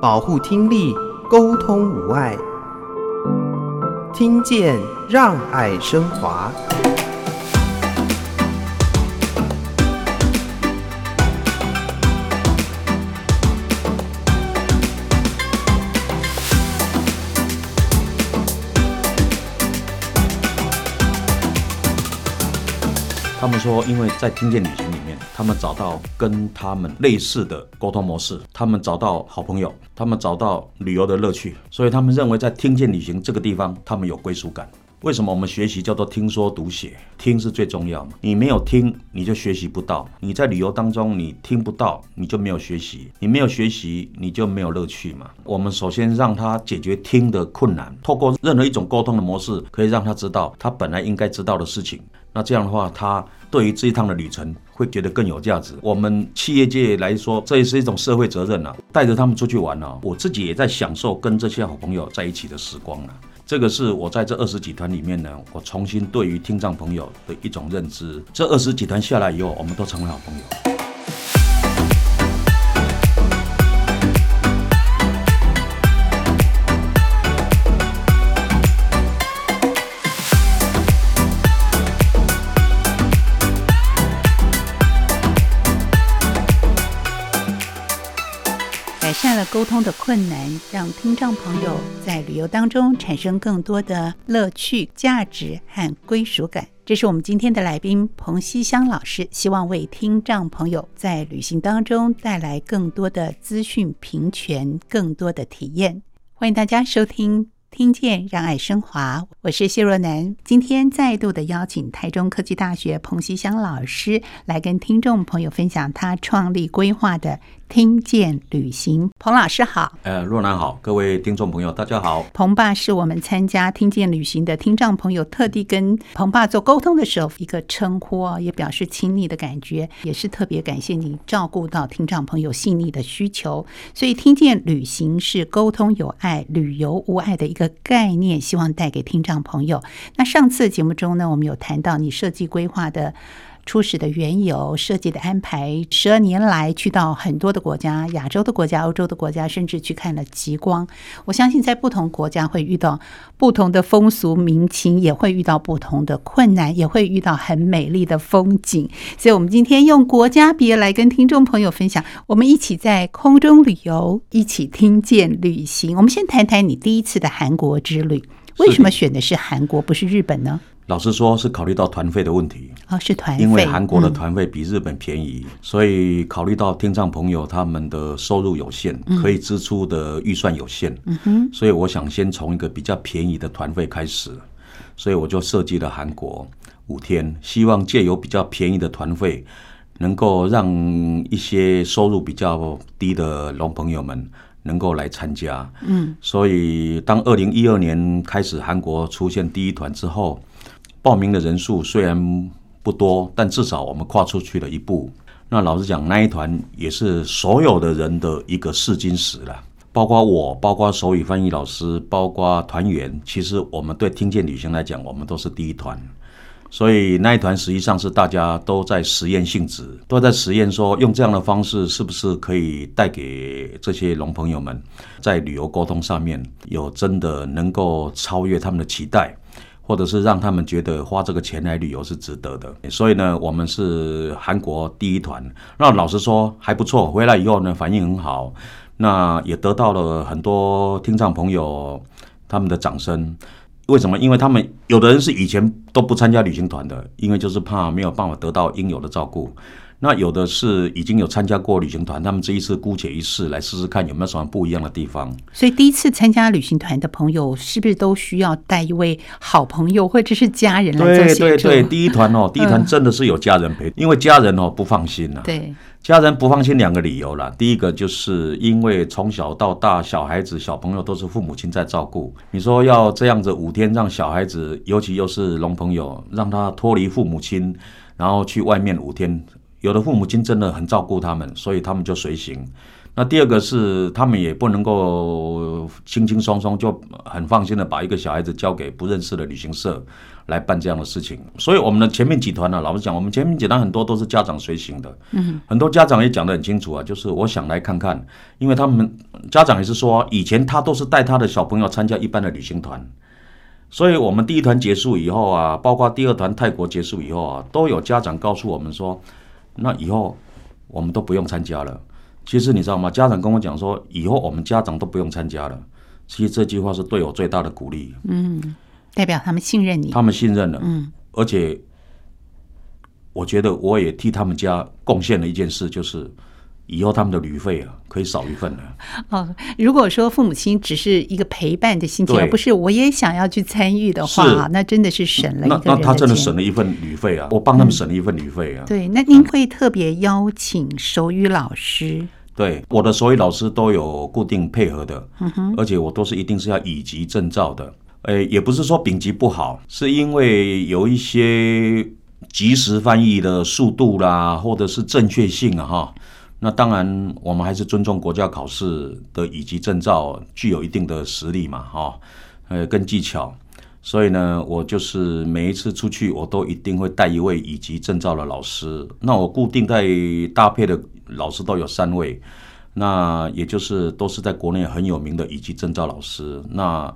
保護聽力，溝通無礙。聽見，讓愛聲華。他們說，因為在聽見旅行裡面。他們找到跟他們類似的溝通模式，他們找到好朋友，他們找到旅遊的樂趣，所以他們認為在聽見旅行這個地方，他們有歸屬感。為什麼我們學習叫做聽說讀寫？聽是最重要，你沒有聽，你就學習不到。你在旅遊當中，你聽不到，你就沒有學習。你沒有學習，你就沒有樂趣嘛。我們首先讓他解決聽的困難，透過任何一種溝通的模式，可以讓他知道他本來應該知道的事情。那這樣的話，他對於這一趟的旅程會覺得更有價值。我們企業界來說，這也是一種社會責任吶、啊，帶着他們出去玩呢、啊。我自己也在享受跟這些好朋友在一起的時光了、啊。這個是我在這二十幾團裡面呢，我重新對於聽障朋友的一種認知。這二十幾團下來以後，我們都成為好朋友。溝通的困難，讓聽障朋友在旅遊當中產生更多的樂趣、價值和歸屬感。這是我們今天的來賓彭西鄉老師，希望為聽障朋友在旅行當中帶來更多的資訊、平權、更多的體驗。歡迎大家收聽《聽見讓愛聲華》，我是謝若男。今天再度的邀請台中科技大學彭西鄉老師來跟聽眾朋友分享他創立規劃的。聽見旅行，彭老師好，呃，若男好，各位聽眾朋友大家好。彭爸是我們參加聽見旅行的聽障朋友特地跟彭爸做溝通的時候一個稱呼啊，也表示親昵的感覺，也是特別感謝你照顧到聽障朋友細膩的需求。所以，聽見旅行是溝通有愛、旅遊無礙的一個概念，希望帶給聽障朋友。那上次節目中呢，我們有談到你設計規劃的。初始的緣由、設計的安排，十二年來去到很多的國家，亞洲的國家、歐洲的國家，甚至去看了極光。我相信，在不同國家會遇到不同的風俗民情，也會遇到不同的困難，也會遇到很美麗的風景。所以，我們今天用國家別來跟聽眾朋友分享，我們一起在空中旅遊，一起聽見旅行。我們先談談你第一次的韓國之旅，為什麼選的是韓國，是的，不是日本呢？老實說，是考慮到團費的問題，是團費，因為韓國的團費比日本便宜，所以考慮到聽障朋友他們的收入有限，可以支出的預算有限，所以我想先從一個比較便宜的團費開始，所以我就設計了韓國五天，希望借由比較便宜的團費，能夠讓一些收入比較低的聾朋友們能夠來參加，所以當二零一二年開始韓國出現第一團之後。報名的人數雖然不多，但至少我們跨出去了一步。那老實講，那一團也是所有的人的一個試金石了，包括我，包括手語翻譯老師，包括團員。其實我們對聽見旅行來講，我們都是第一團，所以那一團實際上是大家都在實驗性質，都在實驗說，說用這樣的方式是不是可以帶給這些聾朋友們在旅遊溝通上面有真的能夠超越他們的期待。或者是讓他們覺得花這個錢來旅遊是值得的，所以呢，我們是韓國第一團。那老實說還不錯，回來以後呢，反應很好，那也得到了很多聽障朋友他們的掌聲。為什麼？因為他們有的人是以前都不參加旅行團的，因為就是怕沒有辦法得到應有的照顧。那有的是已經有參加過旅行團，他們這一次姑且一試，來試試看有沒有什麼不一樣的地方。所以第一次參加旅行團的朋友，是不是都需要帶一位好朋友，或者是家人來做協助？對對對，對，第一團哦，第一團真的是有家人陪，嗯、因為家人哦不放心吶、啊。對，家人不放心兩個理由啦，第一個就是因為從小到大小孩子、小朋友都是父母親在照顧，你說要這樣子五天讓小孩子，尤其又是聾朋友，讓他脫離父母親，然後去外面五天。有的父母親真的很照顧他們，所以他們就隨行。那第二個是，他們也不能夠輕輕鬆鬆就很放心的把一個小孩子交給不認識的旅行社來辦這樣的事情。所以我們的前面幾團呢，老實講，我們前面幾團很多都是家長隨行的，很多家長也講得很清楚啊，就是我想來看看。因為他們家長也是說，以前他都是帶他的小朋友參加一般的旅行團，所以我們第一團結束以後啊，包括第二團泰國結束以後啊，都有家長告訴我們說。那以後，我們都不用參加了。其實你知道嗎？家長跟我講說，以後我們家長都不用參加了。其實這句話是對我最大的鼓勵。嗯，代表他們信任你。他們信任了。嗯，而且，我覺得我也替他們家貢獻了一件事，就是。以後他們的旅費啊，可以少一份了哦，如果說父母親只是一個陪伴的心情，對而不是我也想要去參與的話，是那真的是省了一份。那那他真的省了一份旅費啊，嗯、我幫他們省了一份旅費啊。對，那您會特別邀請手語老師，嗯。對，我的手語老師都有固定配合的，嗯、哼，而且我都是一定是要乙級證照的。誒，也不是說丙級不好，是因為有一些即時翻譯的速度啦，或者是正確性啊，哈。那當然，我們還是尊重國家考試的乙級證照，具有一定的實力嘛，哈、哦，呃，跟技巧。所以呢，我就是每一次出去，我都一定會帶一位乙級證照的老師。那我固定在搭配的老師都有三位，那也就是都是在國內很有名的乙級證照老師。那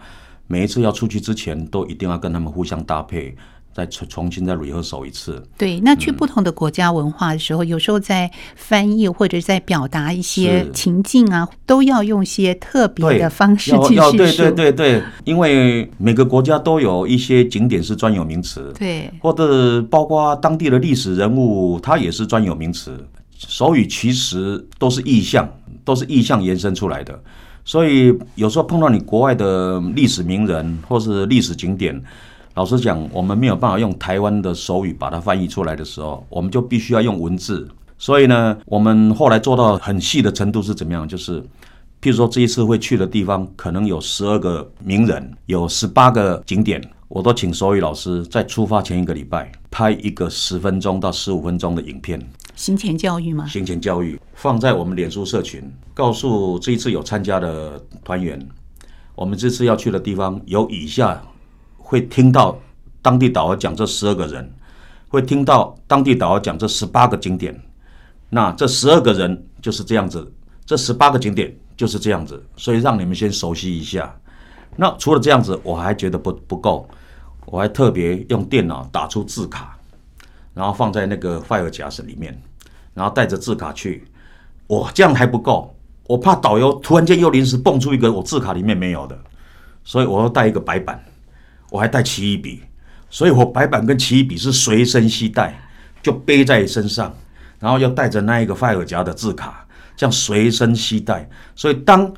每一次要出去之前，都一定要跟他們互相搭配。再重重新再 rehearsal 一次。對，那去不同的國家文化的時候，嗯、有時候在翻譯或者在表達一些情境啊，是都要用些特別的方式對去敘述。對對對對，因為每個國家都有一些景點是專有名詞，對，或者包括當地的歷史人物，他也是專有名詞。手語其實都是意象，都是意象延伸出來的，所以有時候碰到你國外的歷史名人或是歷史景點。老實講，我們沒有辦法用台灣的手語把它翻譯出來的時候，我們就必須要用文字。所以呢，我們後來做到很細的程度是怎麼樣？就是，譬如說這一次會去的地方，可能有十二個名人，有十八個景點，我都請手語老師在出發前一個禮拜拍一個十分鐘到十五分鐘的影片。行前教育嗎？行前教育放在我們臉書社群，告訴這一次有參加的團員，我們這次要去的地方有以下。會聽到當地導遊講這十二個人，會聽到當地導遊講這十八個景點。那這十二個人就是這樣子，這十八個景點就是這樣子，所以讓你們先熟悉一下。那除了這樣子，我還覺得不不夠，我還特別用電腦打出字卡，然後放在那個 file 夾子裡面，然後帶着字卡去。我、哦、這樣還不夠，我怕導遊突然間又臨時蹦出一個我字卡裡面沒有的，所以我要帶一個白板。我還帶奇異筆，所以我白板跟奇異筆是隨身攜帶，就背在身上，然後要帶着那一個發耳夾的字卡，這樣隨身攜帶。所以當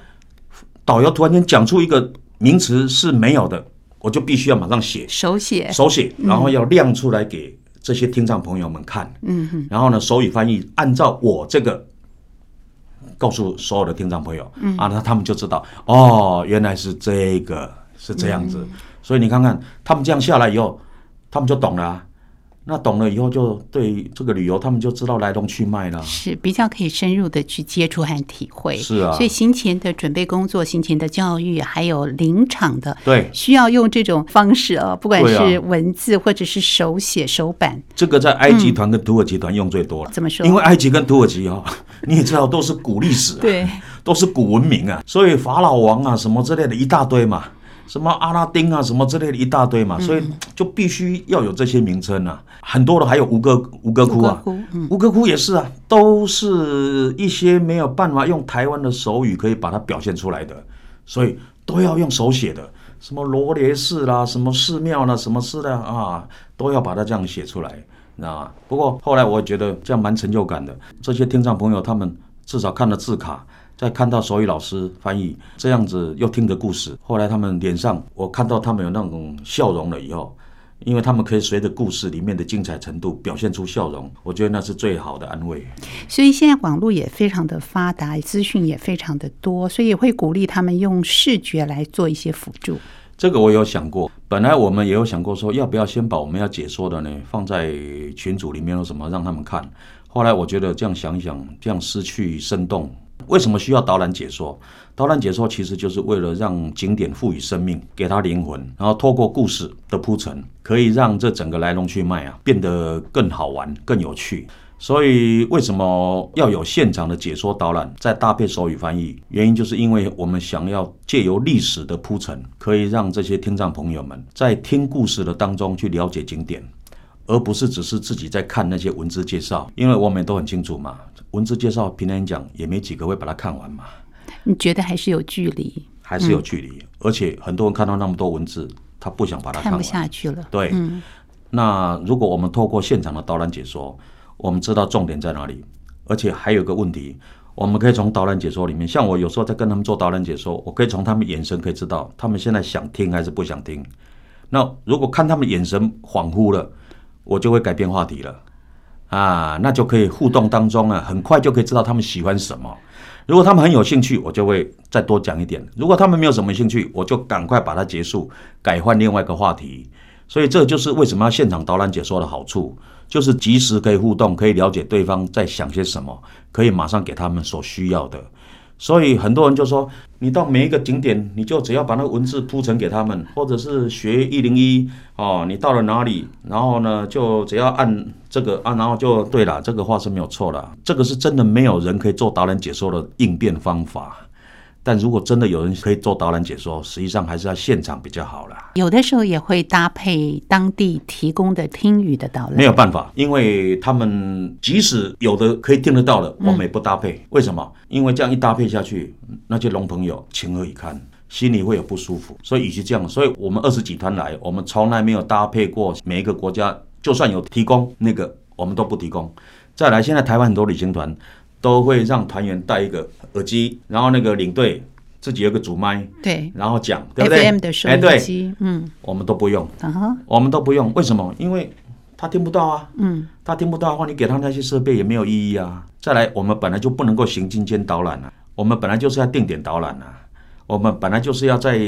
導遊突然間講出一個名詞是沒有的，我就必須要馬上寫手寫寫手寫，然後要亮出來給這些聽障朋友們看。嗯哼，然後呢，手語翻譯按照我這個告訴所有的聽障朋友，嗯、哼啊，那他們就知道哦，原來是這個是這樣子。嗯所以你看看他們這樣下來以後，他們就懂了、啊。那懂了以後，就對這個旅遊，他們就知道來龍去脈了。是比較可以深入的去接觸和體會。是啊。所以行前的準備工作、行前的教育，還有臨場的，對，需要用這種方式哦。不管是文字、啊、或者是手寫手板。這個在埃及團跟土耳其團用最多了。嗯、怎麼說？因為埃及跟土耳其哈、哦，你也知道都是古歷史、啊， 對，都是古文明啊，所以法老王啊什麼之類的一大堆嘛。什麼阿拉丁啊，什麼之類的一大堆嘛，嗯嗯，所以就必須要有這些名稱吶、啊。嗯嗯，很多的還有吳哥，吳哥窟啊，吳哥窟，、嗯、吳哥窟也是啊，都是一些沒有辦法用台灣的手語可以把它表現出來的，所以都要用手寫的。嗯嗯嗯，什麼羅列士啦，什麼寺廟啦、啊，什麼寺啦啊，啊，都要把它這樣寫出來，你知道嗎？不過後來我覺得這樣蠻成就感的，這些聽障朋友他們至少看了字卡。在看到手語老師翻譯這樣子，又聽着故事，後來他們臉上我看到他們有那種笑容了以後，因為他們可以隨着故事裡面的精彩程度表現出笑容，我覺得那是最好的安慰。所以現在網絡也非常的發達，資訊也非常的多，所以也會鼓勵他們用視覺來做一些輔助。這個我有想過，本來我們也有想過說要不要先把我們要解說的呢放在群組裡面，有什麼讓他們看。後來我覺得這樣想一想，這樣失去生動。為什麼需要導覽解說？導覽解說其實就是為了讓景點賦予生命，給它靈魂，然後透過故事的鋪陳，可以讓這整個來龍去脈啊變得更好玩、更有趣。所以為什麼要有現場的解說導覽，再搭配手語翻譯？原因就是因為我們想要借由歷史的鋪陳，可以讓這些聽障朋友們在聽故事的當中去了解景點，而不是只是自己在看那些文字介紹，因為我們也都很清楚嘛，文字介紹平常講也沒幾個會把它看完嘛。你覺得還是有距離，還是有距離，嗯、而且很多人看到那麼多文字，他不想把它看完，看不下去了。對，嗯、那如果我們透過現場的導覽解說，我們知道重點在哪裡，而且還有一個問題，我們可以從導覽解說裡面，像我有時候在跟他們做導覽解說，我可以從他們眼神可以知道他們現在想聽還是不想聽。那如果看他們眼神恍惚了。我就會改變話題了，啊，那就可以互動當中啊，很快就可以知道他們喜歡什麼。如果他們很有興趣，我就會再多講一點；如果他們沒有什麼興趣，我就趕快把它結束，改換另外一個話題。所以這就是為什麼要現場導覽解說的好處，就是即時可以互動，可以了解對方在想些什麼，可以馬上給他們所需要的。所以很多人就說，你到每一個景點，你就只要把那個文字鋪陳給他們，或者是學一零一哦，你到了哪裡，然後呢，就只要按這個啊，然後就對了，這個話是沒有錯的，這個是真的，沒有人可以做導覽解說的應變方法。但如果真的有人可以做導覽解說，實際上還是在現場比較好啦。有的時候也會搭配當地提供的聽語的導覽，沒有辦法，因為他們即使有的可以聽得到的，我們也不搭配。嗯、為什麼？因為這樣一搭配下去，那些聾朋友情何以堪，心裡會有不舒服。所以，以，與其這樣，所以我們二十幾團來，我們從來沒有搭配過每一個國家，就算有提供那個，我們都不提供。再來，現在台灣很多旅行團。都會讓團員戴一個耳機，然後那個領隊自己有個主麥，對，然後講，對不對 FM、哎、對。嗯，我們都不用，啊、uh huh. 我們都不用，為什麼？因為他聽不到啊，嗯，他聽不到的話，你給他那些設備也沒有意義啊。再來，我們本來就不能夠行進間導覽啊，我們本來就是要定點導覽啊，我們本來就是要在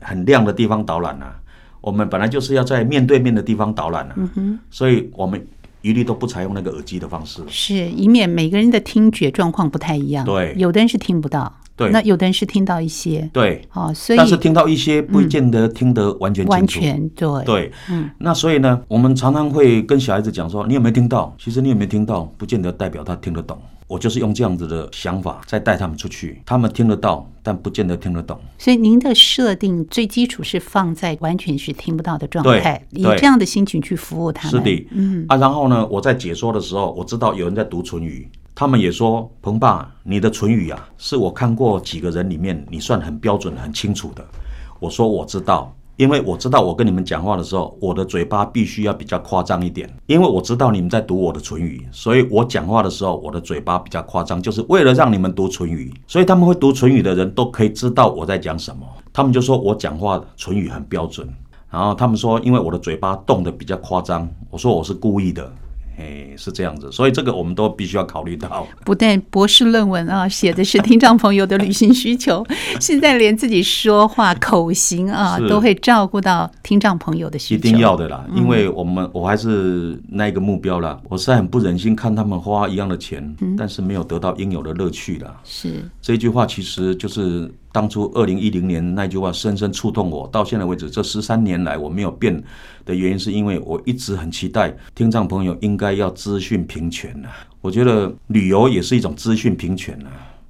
很亮的地方導覽啊，我們本來就是要在面對面的地方導覽啊，嗯、哼所以我們。一律都不採用那個耳機的方式，是，以免每個人的聽覺狀況不太一樣。對，有的人是聽不到，對，那有的人是聽到一些，對，哦，所以，但是聽到一些，不見得聽得完全清楚、嗯、完全，對，對，嗯，那所以呢，我們常常會跟小孩子講說，你有沒有聽到？其實你有沒有聽到，不見得代表他聽得懂。我就是用這樣子的想法在帶他們出去，他們聽得到，但不見得聽得懂。所以您的設定最基礎是放在完全是聽不到的狀態，以這樣的心情去服務他們。是的，嗯啊，然後呢，我在解說的時候，我知道有人在讀唇語，嗯、他們也說彭爸，你的唇語啊，是我看過幾個人裡面你算很標準、很清楚的。我說我知道。因為我知道我跟你們講話的時候，我的嘴巴必須要比較誇張一點，因為我知道你們在讀我的唇語，所以我講話的時候，我的嘴巴比較誇張，就是為了讓你們讀唇語。所以他們會讀唇語的人都可以知道我在講什麼，他們就說我講話唇語很標準，然後他們說因為我的嘴巴動得比較誇張，我說我是故意的。哎，hey, 是這樣子，所以這個我們都必須要考慮到。不但博士論文啊，寫的是聽障朋友的旅行需求， 現在連自己說話口型啊，是都會照顧到聽障朋友的需求。一定要的啦，因為我們我還是那個目標啦。嗯、我是很不忍心看他們花一樣的錢，嗯、但是沒有得到應有的樂趣啦。是這句話，其實就是。當初二零一零年那句話深深觸動我，到現在為止這十三年來我沒有變的原因，是因為我一直很期待聽障朋友應該要資訊平權吶。我覺得旅遊也是一種資訊平權吶。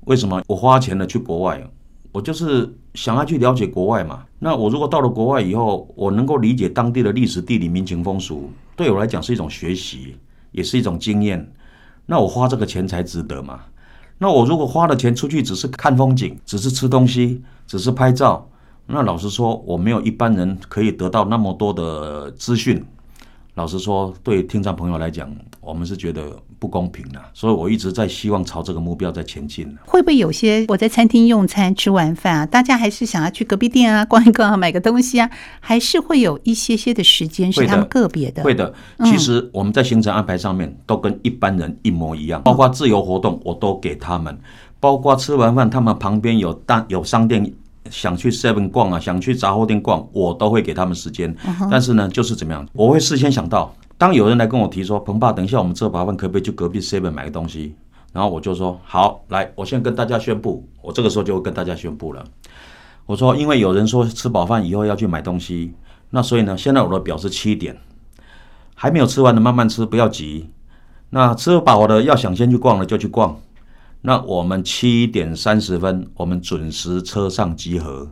為什麼我花錢了去國外，我就是想要去了解國外嘛。那我如果到了國外以後，我能夠理解當地的歷史、地理、民情、風俗，對我來講是一種學習，也是一種經驗。那我花這個錢才值得嘛？那我如果花了錢出去，只是看風景，只是吃東西，只是拍照，那老實說，我沒有一般人可以得到那麼多的資訊。老實說，對聽障朋友來講，我們是覺得不公平的，所以我一直在希望朝這個目標在前進。會不會有些我在餐廳用餐吃完飯啊，大家還是想要去隔壁店啊逛一逛，買個東西啊，還是會有一些些的時間的是他們個別的？會的。其實我們在行程安排上面、嗯、都跟一般人一模一樣，包括自由活動我都給他們，包括吃完飯他們旁邊有當有商店。想去 Seven 逛啊，想去雜貨店逛，我都會給他們時間。Uh huh. 但是呢，就是怎麼樣，我會事先想到，當有人來跟我提說，彭爸，等一下我們吃飽飯可不可以去隔壁 Seven 買個東西？然後我就說好，來，我先跟大家宣布，我這個時候就會跟大家宣布了，我說，因為有人說吃飽飯以後要去買東西，那所以呢，現在我的錶是七點，還沒有吃完的慢慢吃，不要急。那吃飽了，的，要想先去逛了，就去逛。那我們七點三十分，我們準時車上集合，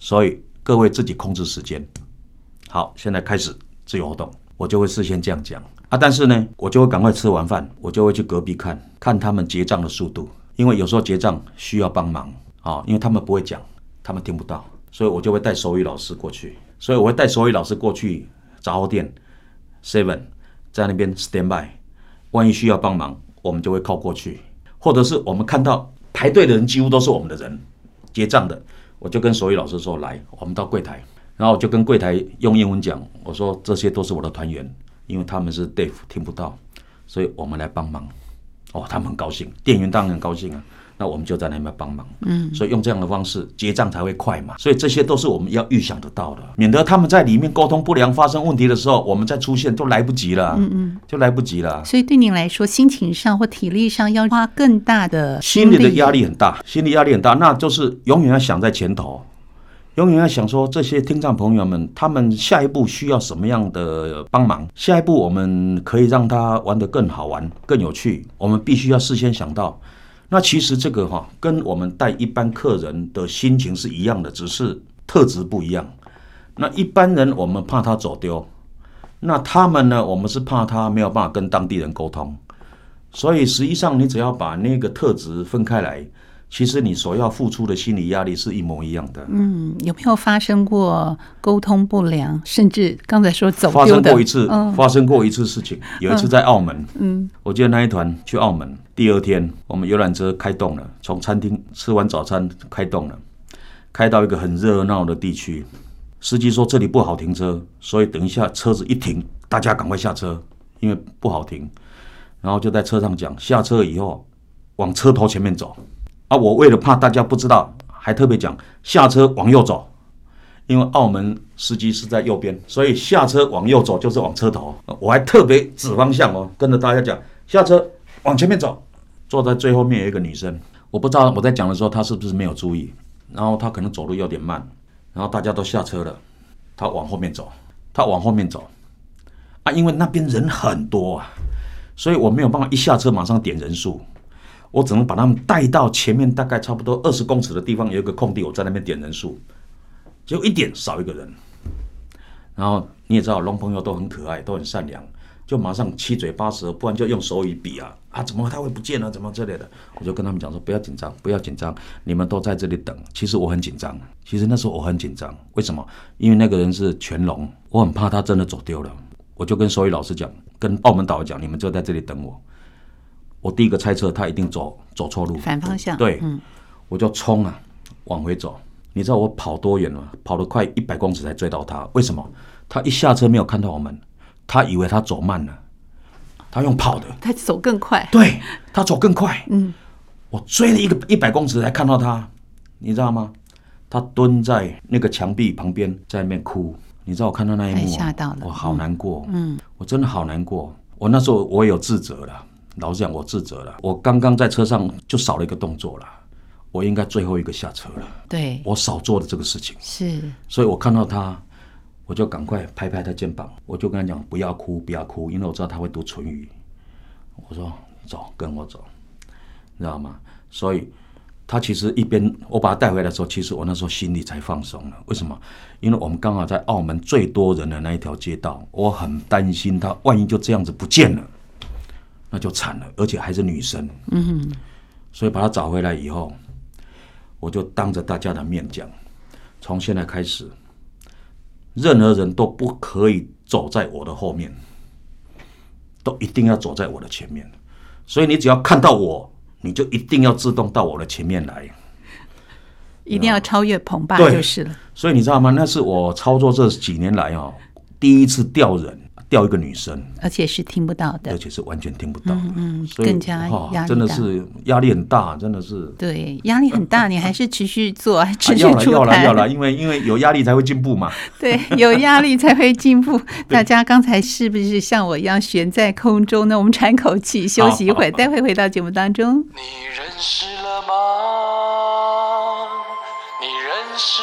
所以各位自己控制時間。好，現在開始自由活動，我就會事先這樣講啊。但是呢，我就會趕快吃完飯，我就會去隔壁看看他們結賬的速度，因為有時候結賬需要幫忙啊，因為他們不會講，他們聽不到，所以我就會帶手語老師過去。所以我會帶手語老師過去雜貨店 Seven，在那邊 stand by，萬一需要幫忙，我們就會靠過去。或者是我們看到排隊的人幾乎都是我們的人結賬的，我就跟所有老師說：“來，我們到櫃檯。”然後我就跟櫃檯用英文講：“我說這些都是我的團員，因為他們是 deaf 聽不到，所以我們來幫忙。”哦，他們很高興，店員當然很高興啊。那我們就在那邊幫忙，嗯，所以用這樣的方式結賬才會快嘛。所以這些都是我們要預想得到的，免得他們在裡面溝通不良發生問題的時候，我們再出現都來不及了，嗯嗯，就來不及了。所以對您來說，心情上或體力上要花更大的，心理的壓力很大，心理壓力很大，那就是永遠要想在前頭，永遠要想說，這些聽障朋友們，他們下一步需要什麼樣的幫忙，下一步我們可以讓他玩得更好玩、更有趣，我們必須要事先想到。那其實這個哈、啊，跟我們帶一般客人的心情是一樣的，只是特質不一樣。那一般人我們怕他走丟，那他們呢，我們是怕他沒有辦法跟當地人溝通。所以實際上，你只要把那個特質分開來。其實你所要付出的心理壓力是一模一樣的。嗯，有沒有發生過溝通不良，甚至剛才說走丟？發生過一次，發生過一次事情。有一次在澳門，嗯，我記得那一團去澳門，第二天我們遊覽車開動了，從餐廳吃完早餐開動了，開到一個很熱鬧的地區，司機說，這裡不好停車，所以等一下車子一停，大家趕快下車，因為不好停。然後就在車上講，下車以後往車頭前面走。啊，我為了怕大家不知道，還特別講下車往右走，因為澳門司機是在右邊，所以下車往右走就是往車頭。啊，我還特別指方向哦，跟着大家講下車往前面走。坐在最後面有一個女生，我不知道我在講的時候她是不是沒有注意，然後她可能走路有點慢，然後大家都下車了，她往後面走，她往後面走，啊，因為那邊人很多啊，所以我沒有辦法一下車馬上點人數。我只能把他們帶到前面大概差不多二十公尺的地方，有一個空地，我在那邊點人數，就一點少一個人。然後你也知道，聾朋友都很可愛，都很善良，就馬上七嘴八舌，不然就用手語比啊啊，怎麼他會不見呢、啊？怎麼之類的？我就跟他們講說，不要緊張，不要緊張，你們都在這裡等。其實我很緊張，其實那時候我很緊張，為什麼？因為那個人是全聾，我很怕他真的走丟了。我就跟手語老師講，跟澳門導遊講，你們就在這裡等我。我第一個猜測，他一定走走錯路，反方向。對，嗯、我就衝啊，往回走。你知道我跑多遠嗎？跑得快一百公尺才追到他。為什麼？他一下車沒有看到我們，他以為他走慢了、啊，他用跑的，他走更快。對，他走更快。嗯，我追了一個一百公尺才看到他。你知道嗎？他蹲在那個牆壁旁邊，在那邊哭。你知道我看到那一幕、啊，我嚇到了，我好難過。嗯，我真的好難過。我那時候我也有自責了。老實講，我自責了。我剛剛在車上就少了一個動作了，我應該最後一個下車了。對，我少做了這個事情。是，所以我看到他，我就趕快拍拍他肩膀，我就跟他講：“不要哭，不要哭。”因為我知道他會讀唇語。我說：“走，跟我走，你知道嗎？”所以，他其實一邊我把他帶回來的時候，其實我那時候心裡才放鬆了。為什麼？因為我們剛好在澳門最多人的那一條街道，我很擔心他，萬一就這樣子不見了。那就慘了，而且還是女生。嗯哼，所以把她找回來以後，我就當着大家的面講：從現在開始，任何人都不可以走在我的後面，都一定要走在我的前面。所以你只要看到我，你就一定要自動到我的前面來，一定要超越彭爸就是了。所以你知道嗎？那是我操作這幾年來啊，第一次掉人。掉一個女生，而且是聽不到的，而且是完全聽不到。嗯，嗯，以更加壓力、哦、真的是壓力很大，真的是對壓力很大。呃、你還是持續做，呃呃、持續做、啊。要了要了，因為因為有壓力才會進步嘛， 對，有壓力才會進步。 對大家剛才是不是像我一樣懸在空中呢？我們喘口氣，休息一會，好好好，待會回到節目當中。你認識了嗎？你認識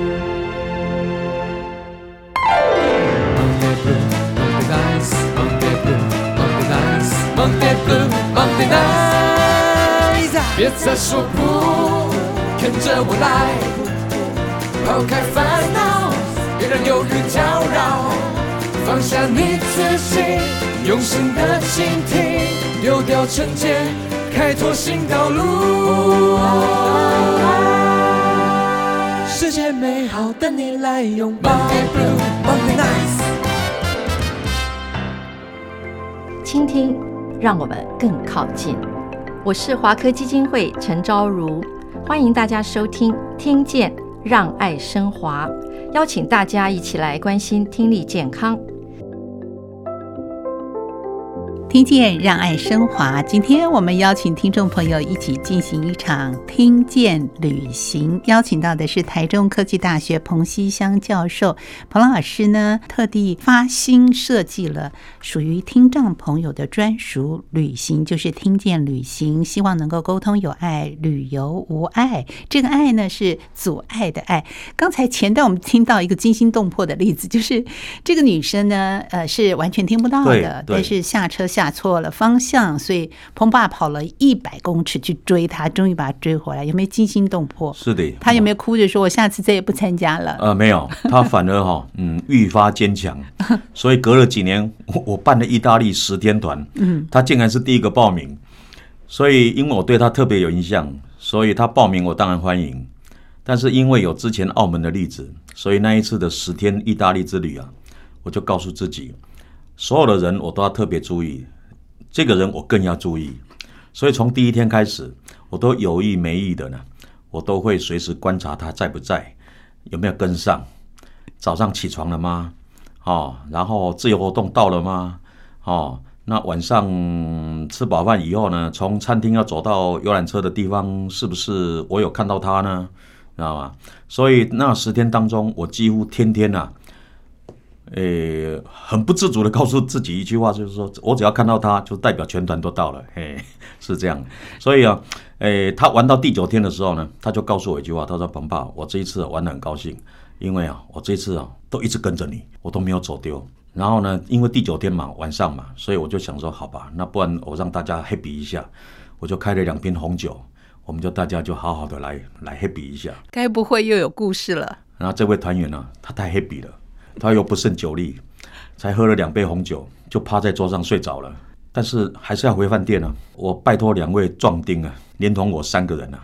nice，, nice Is that? 別再說不，Nice. 跟着我來，拋開煩惱，別讓猶豫攪擾，放下你自信，用心的傾聽，丟掉成見，開拓新道路。世界美好等你來擁抱。Be nice，傾聽。讓我們更靠近。我是華科基金會陳昭如，歡迎大家收聽《聽見讓愛聲華》，邀請大家一起來關心聽力健康。聽見讓愛聲華，今天我們邀請聽眾朋友一起進行一場聽見旅行，邀請到的是台中科技大學彭西鄉教授。彭老師呢，特地發心設計了屬於聽障朋友的專屬旅行，就是聽見旅行，希望能夠溝通有愛，旅遊無礙。這個礙呢，是阻礙的礙。剛才前段我們聽到一個驚心動魄的例子，就是這個女生呢，呃，是完全聽不到的，但是下車下。打錯了方向，所以彭爸跑了一百公尺去追他，終於把他追回來。有沒有驚心動魄？是的。他有沒有哭着說：“嗯、我下次再也不參加了？”呃，沒有。他反而哈、哦， 嗯，愈發堅強。所以隔了幾年，我，我辦了意大利十天團，嗯，他竟然是第一個報名。所以因為我對他特別有印象，所以他報名我當然歡迎。但是因為有之前澳門的例子，所以那一次的十天意大利之旅啊，我就告訴自己。所有的人我都要特別注意，這個人我更要注意，所以從第一天開始，我都有意沒意的呢，我都會隨時觀察他在不在，有沒有跟上，早上起床了嗎？哦，然後自由活動到了嗎？哦，那晚上吃飽飯以後呢，從餐廳要走到游覽車的地方，是不是我有看到他呢？你知道嗎？所以那十天當中，我幾乎天天吶、啊。誒、欸，很不自主的告訴自己一句話，就是說我只要看到他，就代表全團都到了。嘿，是這樣。所以啊，誒、欸，他玩到第九天的時候呢，他就告訴我一句話，他說：“彭爸，我這一次玩得很高興，因為啊，我這次啊都一直跟着你，我都沒有走丟。然後呢，因為第九天嘛，晚上嘛，所以我就想說，好吧，那不然我讓大家 happy 一下，我就開了兩瓶紅酒，我們就大家就好好的來來 happy 一下。該不會又有故事了？然後這位團員呢，他太 happy 了。他又不勝酒力，才喝了兩杯紅酒，就趴在桌上睡着了。但是還是要回飯店啊！我拜托兩位壯丁啊，連同我三個人啊，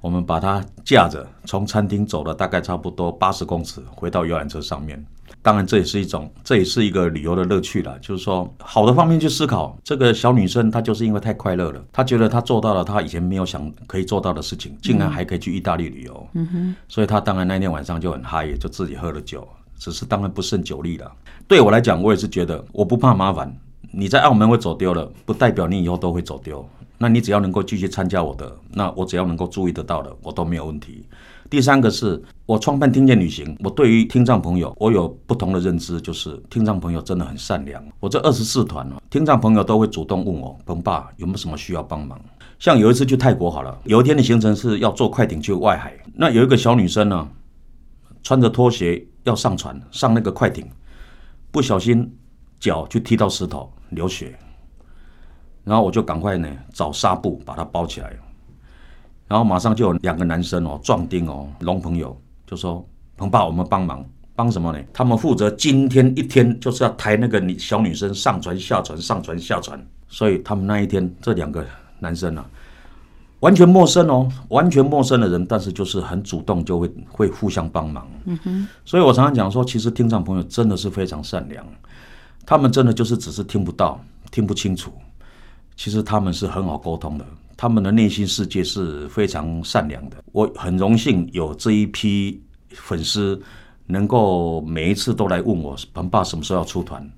我們把他架着，從餐廳走了大概差不多八十公尺，回到遊覽車上面。當然這也是一種，這也是一個旅遊的樂趣了。就是說，好的方面去思考，這個小女生她就是因為太快樂了，她覺得她做到了她以前沒有想可以做到的事情，竟然還可以去意大利旅遊。嗯哼，所以她當然那天晚上就很嗨，就自己喝了酒。只是當然不勝酒力了。對我來講，我也是覺得我不怕麻煩，你在澳門會走丟了，不代表你以後都會走丟。那你只要能夠繼續參加我的，那我只要能夠注意得到的，我都沒有問題。第三個是我創辦聽見旅行，我對於聽障朋友，我有不同的認知，就是聽障朋友真的很善良。我這二十四團啊，聽障朋友都會主動問我，彭爸，有沒有什麼需要幫忙？像有一次去泰國好了，有一天的行程是要坐快艇去外海，那有一個小女生呢，穿着拖鞋，要上船，上那個快艇，不小心腳就踢到石頭，流血。然後我就趕快呢找紗布把它包起來，然後馬上就有兩個男生哦，壯丁哦，聾朋友就說：“彭爸，我們幫忙，幫什麼呢？他們負責今天一天就是要抬那個小女生上船下船，上船下船。所以他們那一天這兩個男生啊。”完全陌生哦，完全陌生的人，但是就是很主動，就會會互相幫忙。嗯哼，所以我常常講說，其實聽障朋友真的是非常善良，他們真的就是只是聽不到、聽不清楚，其實他們是很好溝通的，他們的內心世界是非常善良的。我很榮幸有這一批粉絲能夠每一次都來問我，彭爸爸什麼時候要出團。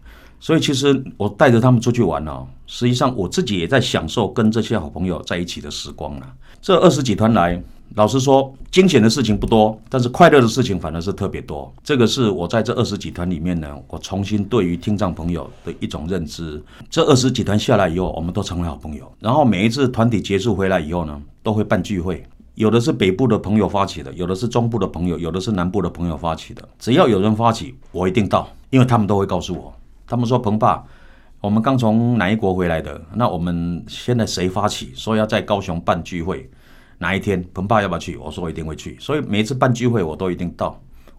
所以其實我帶着他們出去玩呢、哦，實際上我自己也在享受跟這些好朋友在一起的時光了。這二十幾團來，老實說，驚險的事情不多，但是快樂的事情反而是特別多。這個是我在這二十幾團裡面呢，我重新對於聽障朋友的一種認知。這二十幾團下來以後，我們都成為好朋友。然後每一次團體結束回來以後呢，都會辦聚會，有的是北部的朋友發起的，有的是中部的朋友，有的是南部的朋友發起的。只要有人發起，我一定到，因為他們都會告訴我。他們說：“彭爸，我們剛從哪一國回來的？那我們現在誰發起說要在高雄辦聚會？哪一天彭爸要不要去？”我說：“我一定會去。”所以每次辦聚會我都一定到，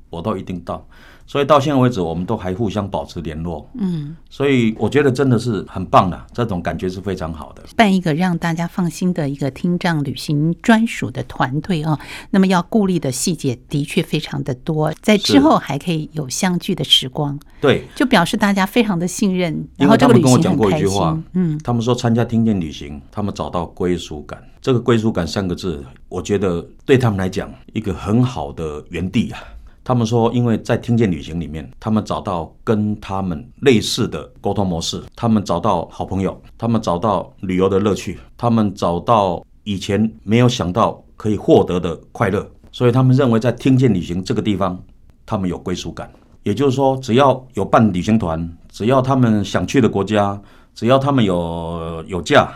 我都一定到。所以到現在為止，我們都還互相保持聯絡。嗯，所以我覺得真的是很棒的、啊，這種感覺是非常好的。辦一個讓大家放心的一個聽障旅行專屬的團隊啊，那麼要顧慮的細節的確非常的多，在之後還可以有相聚的時光。對，就表示大家非常的信任。然後這個、嗯、他們跟我講過一句話，嗯，他們說參加聽見旅行，他們找到歸屬感。這個歸屬感三個字，我覺得對他們來講，一個很好的園地啊。他們說，因為在聽見旅行裡面，他們找到跟他們類似的溝通模式，他們找到好朋友，他們找到旅遊的樂趣，他們找到以前沒有想到可以獲得的快樂，所以他們認為在聽見旅行這個地方，他們有歸屬感。也就是說，只要有辦旅行團，只要他們想去的國家，只要他們有有假，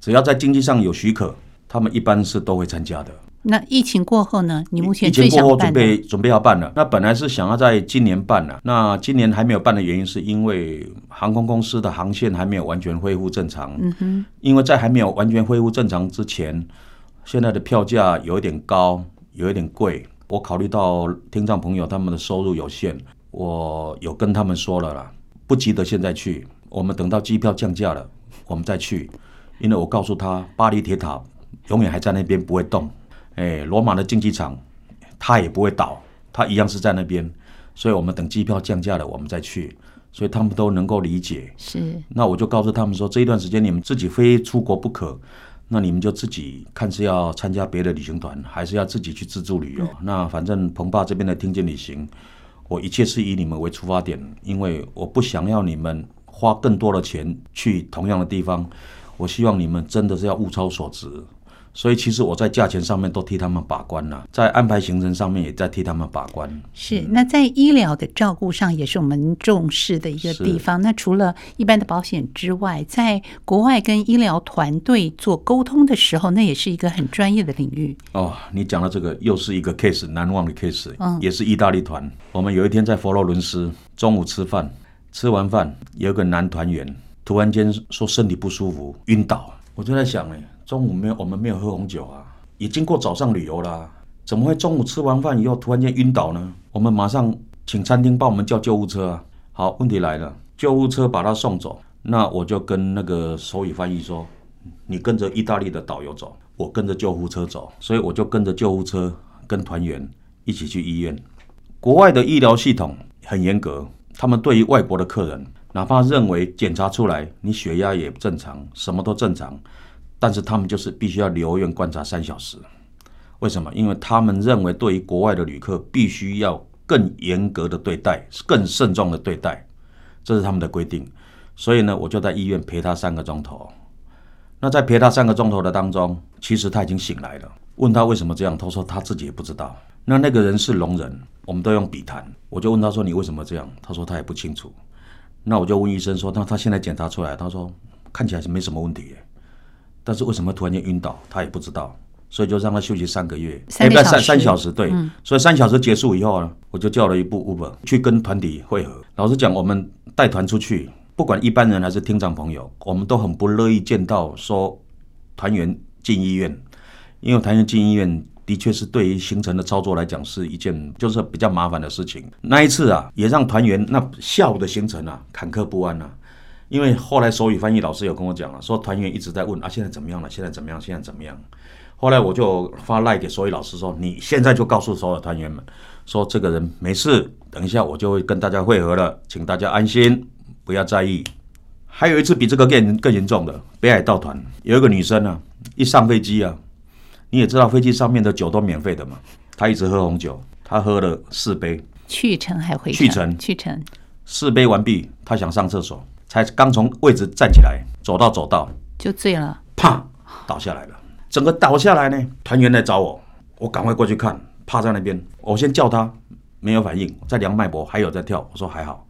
只要在經濟上有許可，他們一般是都會參加的。那疫情過後呢？你目前最想辦的？疫情過後準備準備要辦了。那本來是想要在今年辦了啊，那今年還沒有辦的原因，是因為航空公司的航線還沒有完全恢復正常。嗯哼。因為在還沒有完全恢復正常之前，現在的票價有一點高，有一點貴。我考慮到聽障朋友他們的收入有限，我有跟他們說了啦，不急得現在去，我們等到機票降價了，我們再去。因為我告訴他，巴黎鐵塔永遠還在那邊，不會動。誒，羅馬的競技場，它也不會倒，它一樣是在那邊。所以我們等機票降價了，我們再去。所以他們都能夠理解。是，那我就告訴他們說，這一段時間你們自己非出國不可，那你們就自己看是要參加別的旅行團，還是要自己去自助旅遊。嗯，那反正彭爸這邊的聽見旅行，我一切是以你們為出發點，因為我不想要你們花更多的錢去同樣的地方。我希望你們真的是要物超所值。所以其實我在價錢上面都替他們把關了、啊，在安排行程上面也在替他們把關、嗯。是，那在醫療的照顧上也是我們重視的一個地方。是 那除了一般的保險之外，在國外跟醫療團隊做溝通的時候，那也是一個很專業的領域。哦，你講到這個又是一個 case 難忘的 case，也是意大利團。嗯、我們有一天在佛羅倫斯中午吃飯，吃完飯有個男團員突然間說身體不舒服，暈倒。我就在想哎，中午沒有我們沒有喝紅酒啊，也經過早上旅遊啦啊，怎麼會中午吃完飯以後突然間暈倒呢？我們馬上請餐廳幫我們叫救護車啊。好，問題來了，救護車把他送走，那我就跟那個手語翻譯說，你跟着意大利的導遊走，我跟着救護車走，所以我就跟着救護車跟團員一起去醫院。國外的醫療系統很嚴格，他們對於外國的客人。哪怕認為檢查出來你血壓也正常，什麼都正常，但是他們就是必須要留院觀察三小時。為什麼？因為他們認為對於國外的旅客，必須要更嚴格的對待，更慎重的對待，這是他們的規定。所以呢，我就在醫院陪他三個鐘頭。那在陪他三個鐘頭的當中，其實他已經醒來了。問他為什麼這樣，他說他自己也不知道。那那個人是聾人，我們都用筆談。我就問他說：“你為什麼這樣？”他說他也不清楚。那我就問醫生說，那他現在檢查出來，他說看起來是沒什麼問題耶，但是為什麼突然間暈倒，他也不知道，所以就讓他休息三個月，應該三小三,三小時，對，嗯、所以三小時結束以後呢，我就叫了一部 Uber 去跟團體會合。老實講，我們帶團出去，不管一般人還是聽障朋友，我們都很不樂意見到說團員進醫院，因為團員進醫院。的確是對於行程的操作來講，是一件就是比較麻煩的事情。那一次啊，也讓團員那下午的行程啊坎坷不安啊。因為後來手語翻譯老師有跟我講了、啊，說團員一直在問啊，現在怎麼樣了？現在怎麼樣？現在怎麼樣？後來我就發賴、like、給手語老師說，你現在就告訴所有團員們，說這個人沒事，等一下我就會跟大家會合了，請大家安心，不要在意。還有一次比這個更更嚴重的北海道團，有一個女生啊，一上飛機啊。你也知道飛機上面的酒都免費的嘛，他一直喝紅酒，他喝了四杯，去程還回程，去程，去程，四杯完畢，他想上廁所，才剛從位置站起來，走到走到就醉了，啪倒下來了。整個倒下來呢，團員來找我，我趕快過去看，趴在那邊，我先叫他沒有反應，再量脈搏還有在跳，我說還好。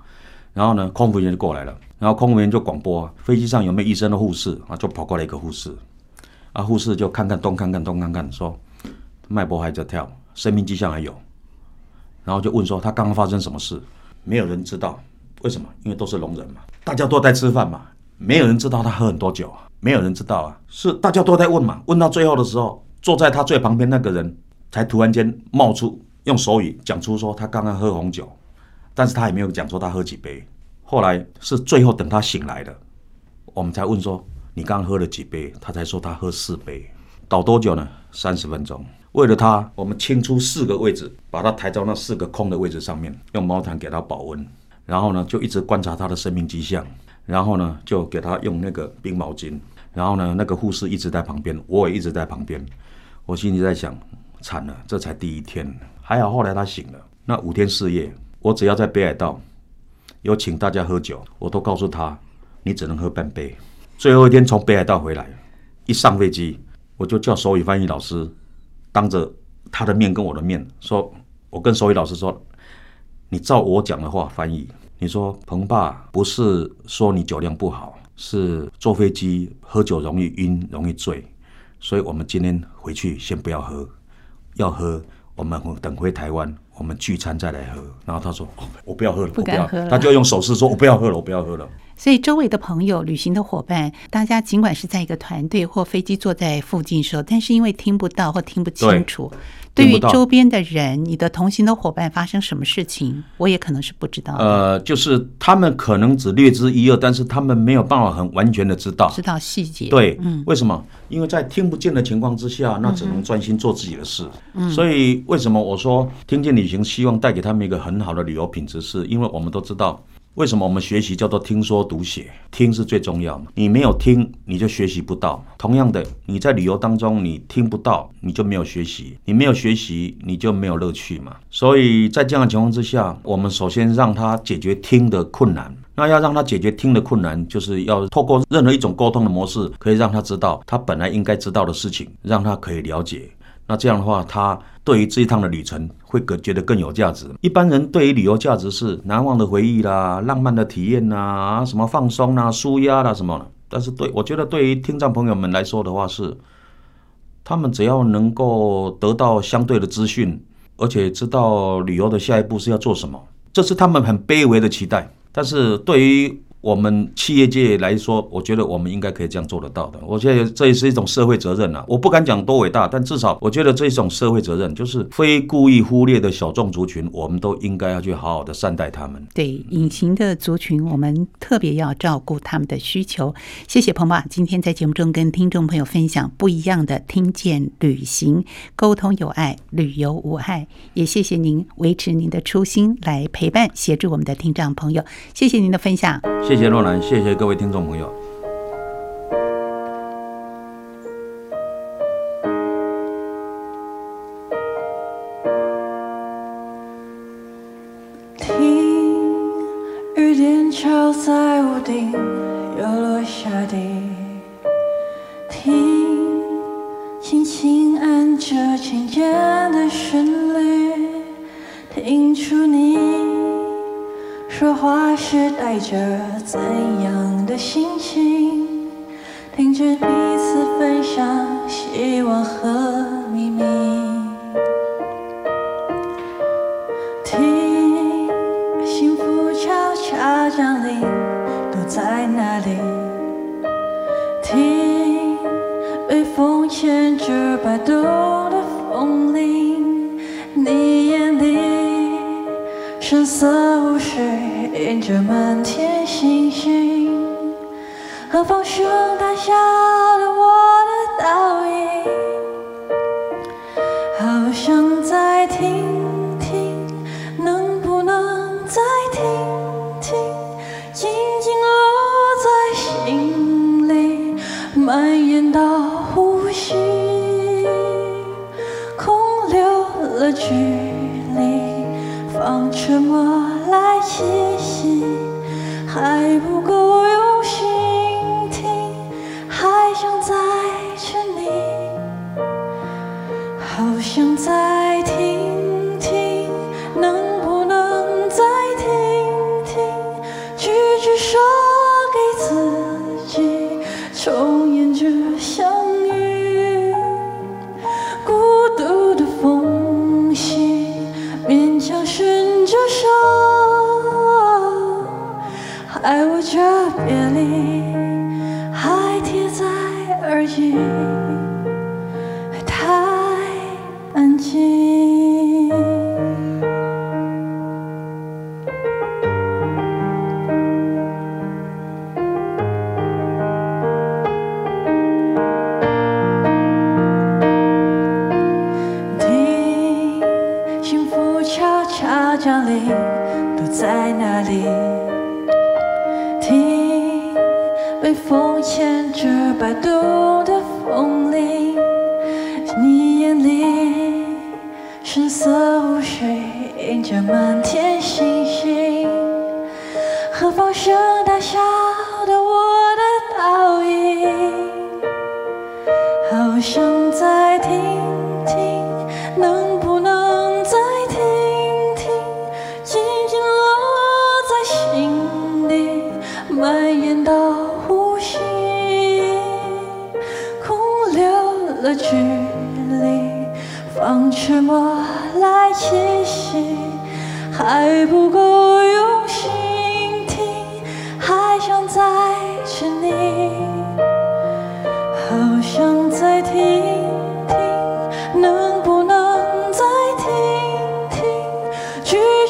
然後呢，空服員就過來了，然後空服員就廣播飛機上有沒有醫生的護士啊？然後就跑過來一個護士。啊！護士就看看東，看看東，看看說，脈搏還在跳，生命跡象還有。然後就問說他剛剛發生什麼事？沒有人知道，為什麼？因為都是聾人嘛，大家都在吃飯嘛，沒有人知道他喝很多酒，沒有人知道啊。是大家都在問嘛？問到最後的時候，坐在他最旁邊那個人才突然間冒出用手語講出說他剛剛喝紅酒，但是他也沒有講說他喝幾杯。後來是最後等他醒來的，我們才問說。你剛喝了幾杯？他才說他喝四杯。倒多久呢？三十分鐘。為了他，我們清出四個位置，把他抬到那四個空的位置上面，用毛毯給他保溫。然後呢，就一直觀察他的生命跡象。然後呢，就給他用那個冰毛巾。然後呢，那個護士一直在旁邊，我也一直在旁邊。我心裡在想，慘了，這才第一天。還好後來他醒了。那五天四夜，我只要在北海道有請大家喝酒，我都告訴他，你只能喝半杯。最後一天從北海道回來，一上飛機，我就叫手語翻譯老師，當着他的面跟我的面說，我跟手語老師說，你照我講的話翻譯。你說彭爸不是說你酒量不好，是坐飛機喝酒容易暈，容易醉，所以我們今天回去先不要喝，要喝我們等回台灣，我們聚餐再來喝。然後他說，我不要喝了，不喝了，我不要喝，他就用手勢說，對 我不要喝了，我不要喝了。所以，周圍的朋友、旅行的夥伴，大家儘管是在一個團隊或飛機坐在附近的時候，但是因為聽不到或聽不清楚，對於周邊的人，你的同行的夥伴發生什麼事情，我也可能是不知道。呃，就是他們可能只略知一二，但是他們沒有辦法很完全的知道，知道細節。對，嗯，為什麼？因為在聽不見的情況之下，那只能專心做自己的事。嗯嗯，所以，為什麼我說聽見旅行希望帶給他們一個很好的旅遊品質，是因為我們都知道。為什麼我們學習叫做聽說讀寫？聽是最重要。你沒有聽，你就學習不到。同樣的，你在旅遊當中，你聽不到，你就沒有學習。你沒有學習，你就沒有樂趣嘛。所以在這樣的情況之下，我們首先讓他解決聽的困難。那要讓他解決聽的困難，就是要透過任何一種溝通的模式，可以讓他知道他本來應該知道的事情，讓他可以了解。那這樣的話，他對於這一趟的旅程會更覺得更有價值。一般人對於旅遊價值是難忘的回憶啦、浪漫的體驗吶、啊、什麼放鬆吶、啊、舒壓啦、啊、什麼。但是對我覺得對於聽障朋友們來說的話是，他們只要能夠得到相對的資訊，而且知道旅遊的下一步是要做什麼，這是他們很卑微的期待。但是對於我們企業界來說，我覺得我們應該可以這樣做得到的。我覺得這也是一種社會責任啊！我不敢講多偉大，但至少我覺得這種社會責任，就是非故意忽略的小眾族群，我們都應該要去好好的善待他們。對，隱形的族群我們特別要照顧他們的需求。嗯。對，隱形的族群我們特別要照顧他們的需求。謝謝彭媽今天在節目中跟聽眾朋友分享不一樣的聽見旅行，溝通有愛，旅遊無礙。也謝謝您維持您的初心來陪伴協助我們的聽障朋友。謝謝您的分享。謝謝謝謝若男，謝謝各位聽眾朋友。聽，雨點敲在屋頂，又落下地。聽，輕輕按着琴鍵的旋律，聽出你。說話時帶着怎樣的心情？聽着彼此分享希望和祕密。聽幸福悄悄降臨，都在哪裡？聽微風牽着擺動。山色湖水映着滿天星星，和放聲大笑的我。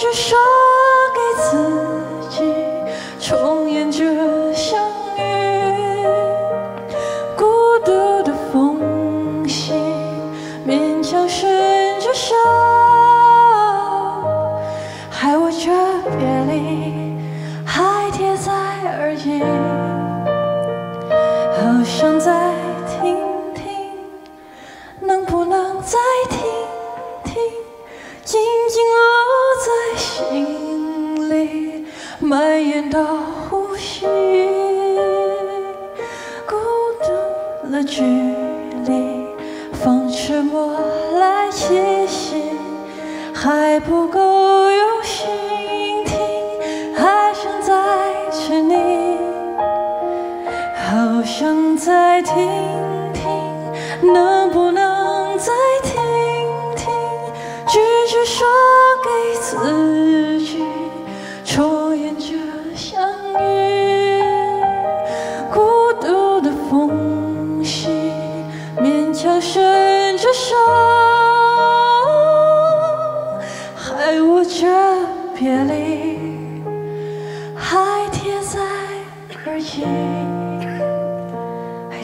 至少。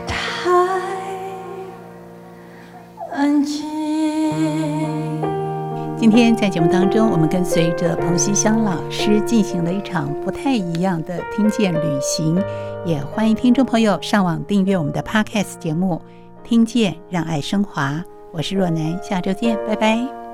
太安靜，今天在節目當中，我們跟隨着彭西鄉老師進行了一場不太一樣的聽見旅行。也歡迎聽眾朋友上網訂閱我們的 Podcast 節目《聽見讓愛聲華》。我是若男，下周見，拜拜。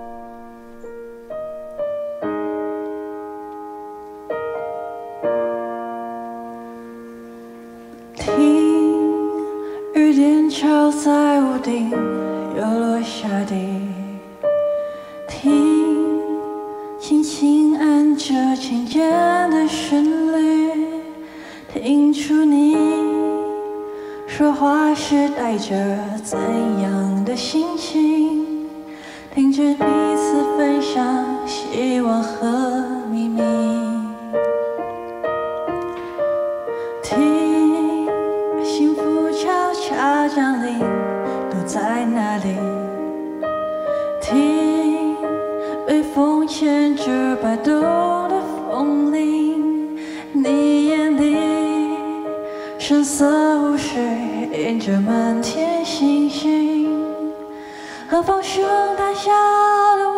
山色湖水映着滿天星星，和放聲大笑的